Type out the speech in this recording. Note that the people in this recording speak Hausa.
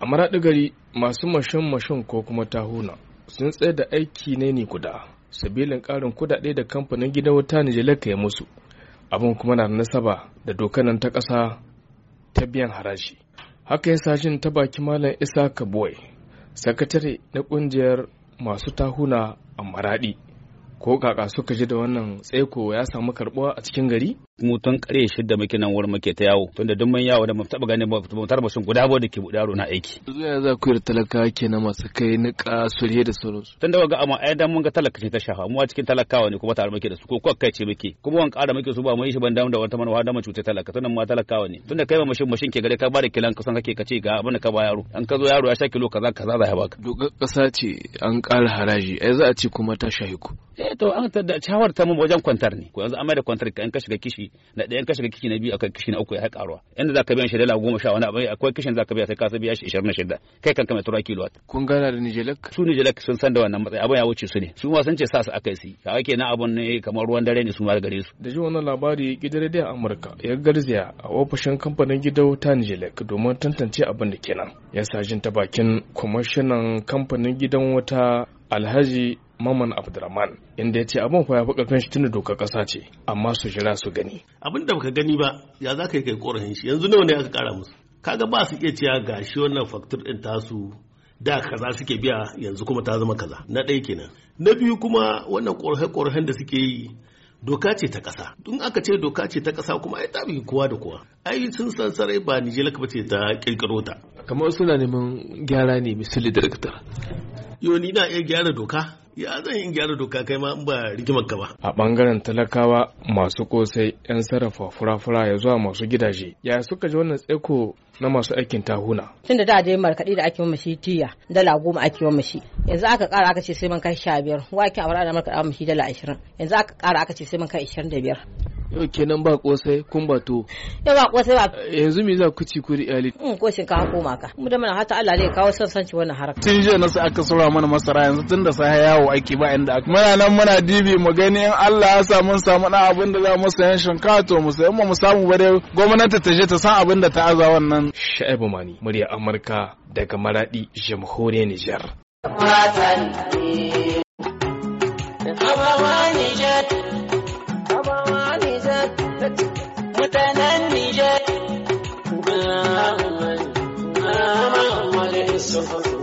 a maraɗi gari masu mashin-mashin ko kuma tahuna sun tsaye da aiki ne ni guda sabilin ƙarin kudade da kamfanin gidan wuta ka ya musu abin kuma na nasaba da dokanan ta ƙasa ta biyan harashi. haka ya sashin ta baki malam isa kaboy sakatare na ƙungiyar masu tahuna a maraɗi ko kaka suka ji da wannan tsaiko ya samu karɓuwa a cikin gari mu tun kare shidda muke nan wurin muke ta yawo tunda duk mun yawo da mu taba gane ba mu tarba sun guda bo da ke buɗe yaro na aiki yanzu ya za ku yi talaka ke na masu kai niƙa sulhe da sauransu tun da ga amma ai dan mun ga talaka ce ta shafa mu a cikin talakawa ne kuma tare muke da su ko kuwa kai ce muke kuma wan ƙara muke su ba mu yi shi ban damu da wata manufa da mu cuta talaka tunda mu talakawa ne tunda kai ba mashin mashin ke gare ka ba da kilan kusan kake kace ga abin da ka ba yaro an ka zo yaro ya sha kilo kaza kaza za ya baka dokar ƙasa ce an ƙara haraji ai za a ce kuma ta shahiku eh to an ta da shawar ta mu wajen kwantar ne ko yanzu amma da kwantar ka an ka shiga kishi na ɗayan ka shiga kishi na biyu akwai kishi na uku ya karuwa inda za ka biya shi dala goma sha wani abu akwai kishin za ka biya sai ka biya shi ishirin da shida kai kan kama tura kilowatt. kun gana da nijelak su nijelak sun san da wannan matsayi abin ya wuce su ne su ma sun ce sa su aka yi ka ake na abin ne kamar ruwan dare ne su ma gare su. da ji wannan labari gidan a amurka ya garzaya a ofishin kamfanin gidau ta nijelak domin tantance abin da kenan ya sa jin ta bakin kwamishinan kamfanin gidan wata alhaji Maman Abdulrahman inda ya ce abin fa ya fi ƙarfin shi tunda doka kasa ce amma su jira su gani. Abin da baka gani ba ya za ka yi kai korafin shi yanzu nawa ne aka kara musu. Kaga ba su iya cewa gashi wannan faktur din tasu da kaza suke biya yanzu kuma ta zama kaza na ɗaya kenan. Na biyu kuma wannan korafe-korafen da suke yi doka ce ta ƙasa Tun aka ce doka ce ta ƙasa kuma ai ta kowa da kowa ai sun san sarai ba Nijar ba ce ta kirkiro ta kamar suna neman gyara ne misali da yo ni na iya gyara doka ya zan yi gyara doka kai ma ba rigimar ka ba. A bangaren talakawa masu kosai 'yan sarrafa furafura ya zuwa masu gidaje. Ya suka ji wannan tsaiko na masu aikin tahuna. Tun da da dai markaɗe da ake mashi tiya dala goma ake wa mashi. Yanzu aka ƙara aka ce sai man kai sha biyar. Wa ake awara da markaɗa mashi dala ashirin. Yanzu aka ƙara aka ce sai man kai ashirin da biyar. yau kenan ba kosai kun ba to yau ba kosai ba yanzu me za ku ci ku iyali in mm, ko shinkafa ko maka mu da mana hata Allah ne kawo son sanci wannan haraka tun jiya nasu aka sura mana masara yanzu tun da sai yawo aiki ba inda aka muna nan muna dibi mu gani in Allah ya sa mun samu na abin da za mu sayan shinkafa to mu sayan mu samu ba dai gwamnati ta je ta san abin da ta aza wannan Sha'ibu Mani murya Amurka daga Maradi jamhuriyar Nijar Matan Gracias.